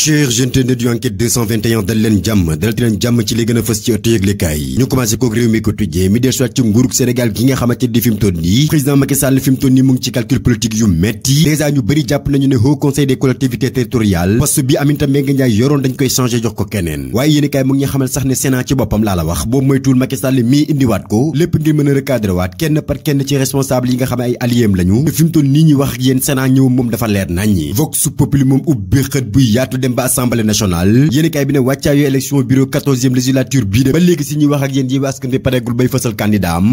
chers internautes yu enquête 221 dal leen jàmm dalati leen jàmm ci li gën fës ci ëtt yëglekaay ñu commencé kook réew mi ko tujjee mi soit ci nguurug Sénégal gi nga xamante di fi mu nii mu ci calcul politique yu metti dèjà ñu bëri jàpp nañu ne haut conseil des collectivités territoriales poste bi Aminata Mbengue yoroon dañ koy changé jox ko keneen waaye yéen mu ngi xamal sax ne Sénat ci boppam laa la wax boobu moytuwul Macky mii indiwaat ko lépp dem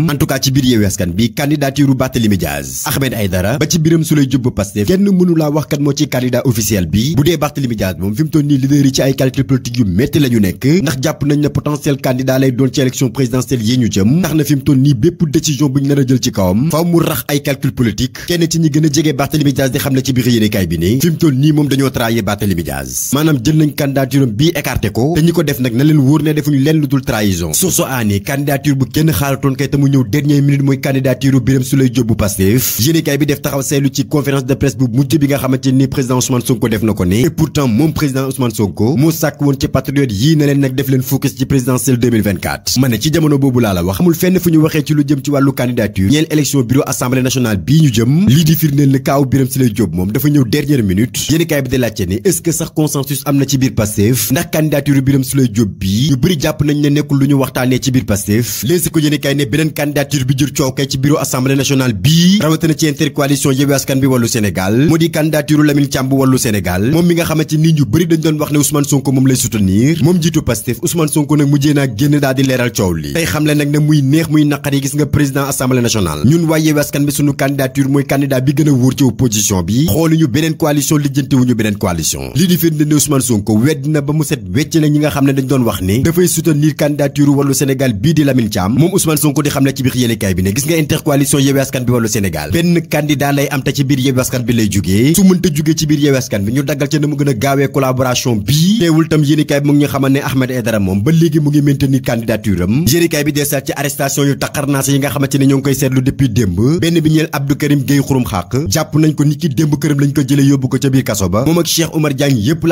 ba ci biir Yewwi Askan bi candidature kenn mënu laa moo ci candidat officiel bi bu dee Barthélémy Diaz moom fi mu nii bépp décision bu ñu nar a jël ci kawam faaw mu rax ay calcul politique kenn ci ñi gën jege Barthélémy Diaz di xam ne ci biir yéenekaay bi ni fi mu nii moom dañoo trahir Barthélémy Diaz maanaam jël nañ candidature bii écarté ko te ñi ko def nag na leen wóor ne defuñu leen lu dul trahison source aané candidature bu kenn xaalatoon kay te mu ñëw dernière minute mooy candidature Birame Souleye Diop bu Pastef yéenekaay bi def taxaw seetlu ci conférence de presse bu mujj bi nga xamante ni président Ousmane Sonko def na ko ne et pourtant moom président Ousmane Sonko moo sàkk woon ci patriote yii na leen nag def leen focus ci présidentielle consensus am na ci biir Pastef ndax candidature Birame Souleye Diop bi ñu bëri jàpp nañ ne nekkul lu ñu waxtaanee ci biir Pastef Les Échos yéene kay ne beneen candidature bi jur coow kay ci bureau assemblée nationale bii rawatina ci intercoalition Yewwi Askan Wi Wallu Sénégal moo di candidature Lamine moom mi nga xamante ni ñu bëri dañ doon wax ne Ousmane Sonko moom lay soutenir moom jiitu Pastef Ousmane Sonko nag mujjee naa génn daal leeral coow li tey xam le nag ne muy neex muy naqari gis nga président assemblée nationale ñun waa Yewwi Askan bi sunu candidature mooy candidat bi gën a wóor ci opposition bi de Ousmane wedd na ba mu set wecc na ñi nga xam ne dañ doon wax ni dafay soutenir candidature wàllu Sénégal bii di Lamine Thiam moom Ousmane Sonko di xam ne ci biir yéenekaay bi ne gis nga intercoalition Yewwi bi wàllu su mënta jógee ci biir Yewwi bi ñu daggal ca na mu gën a gaawee collaboration bii teewul tam yéenekaay bi mu ngi xamal ne Ahmed Aidara moom ba léegi mu ngi maintenir candidature am yéenekaay bi deesaat ci arrestation yu taqarnaase yi nga xamante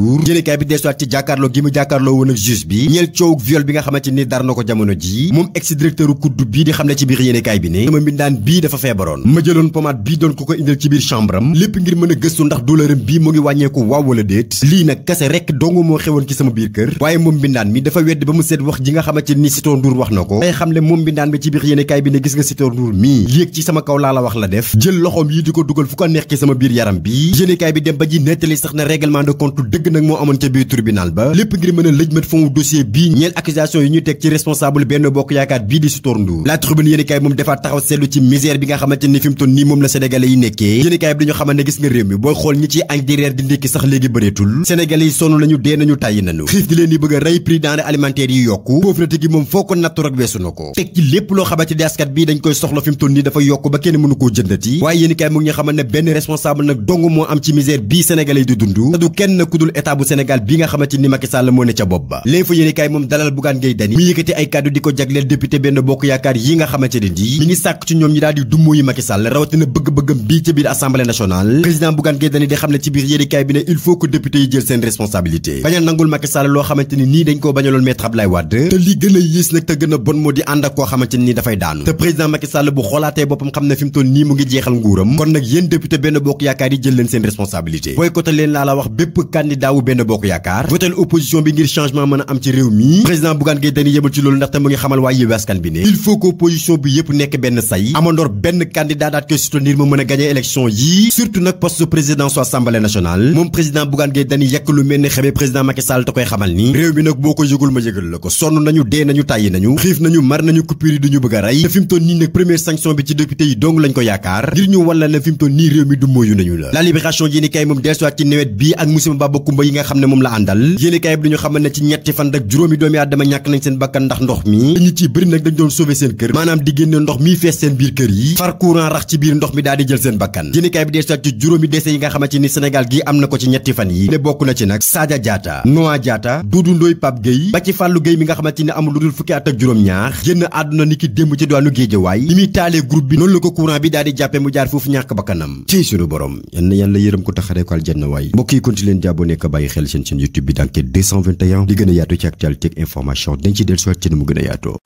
Ndour jëlekaay bi deesuwaat ci jàkkaarloo gi mu jàkkaarloo woon ak bi ñeel coow viol bi nga xamante ni dar na ko jamono ji moom ex directeur kudd bii di xam ci biir yéenekaay bi ne sama a gëstu ndax nga xamante ni wax na ko day xam moom mbindaan bi ci biir yéenekaay bi ne gis nga Sitor Ndour mii yéeg ci sama kaw laa la wax la def jël loxoom yi di ko dugal fu ko neex ci sama biir yaram bi yéenekaay bi dem ba ji nettali sax na règlement de compte dëgg nag moo amoon ca biir tribunal ba lépp ngir mën a lëjmat fond dossier bii ñeel accusation yi ñuy teg ci responsable benn bokk yaakaar bii di Sitor Ndour la tribune bi ni moom la sénégalais yi nekkee yéenekaay bi dañu xamante ne gis nga réew mi booy xool ñi ci añ di reer di ndékki sax léegi bëreetul sénégalais yi sonn nañu dee nañu tàyyi nañu xiif di leen di bëgg rey prix denrées alimentaires yi yokku pauvreté gi moom foo ko nattu rek weesu na ko teg ci dul état bu Sénégal bi nga xamante ni Macky Sall moo ne ca bopp ba léegi fa yéenekaay moom dalal Bougane Gueye mu yëkkati ay kàddu di ko jagleel député Benno Bokk Yaakaar yi nga xamante ne di xam ne ci biir yéenekaay bi ne il faut que député yi jël seen responsabilité bañ nangul Macky loo xamante ni dañ koo bañaloon maître Abdoulaye Wade te li gën a yées nag te gën a bon moo di ànd ak koo xamante ni dafay daanu te président Macky bu xoolaatee boppam kandidaawu benn bokk yaakaar votel opposition bi ngir changement mën a am ci réew mi président Bougane Gueye Dany yemul ci loolu ndaxte mu ngi xamal waa Yewwi bi ne il faut que opposition bi yëpp nekk benn say amandoor benn candidat daat koy soutenir mu mën a gagné élection yi surtout nag poste président su assemblée nationale moom président Bougane Gueye Dany yekk lu mel ni xamee président Macky te koy xamal ni réew mi nag boo ko yëgul ma yëgal la ko kumba yi nga xam ne moom la àndal yéenekaay bi dañu xamal ne ci ñetti fan ak juróomi doomi aadama ñàkk nañ seen bakkan ndax ndox mi ñu ci seen kër maanaam di génne ndox mi fees seen biir kër yi far courant rax ci biir ndox mi daal jël seen bakkan yéenekaay bi deesal ci juróomi décès yi nga xamante ni Sénégal gi am na ko ci ñetti fan yi ne bokk na ci nag Sadia Diatta Noa Diatta Doudou Ndoye Pape Gueye ba ci Fallou Gueye mi nga xamante ni amul rek bàyyi xel seen seen YouTube bi d'enquête 221 li gën yaatu ci actualité ak information dañ ci dellusiwaat ci ne mu gën a yaatoo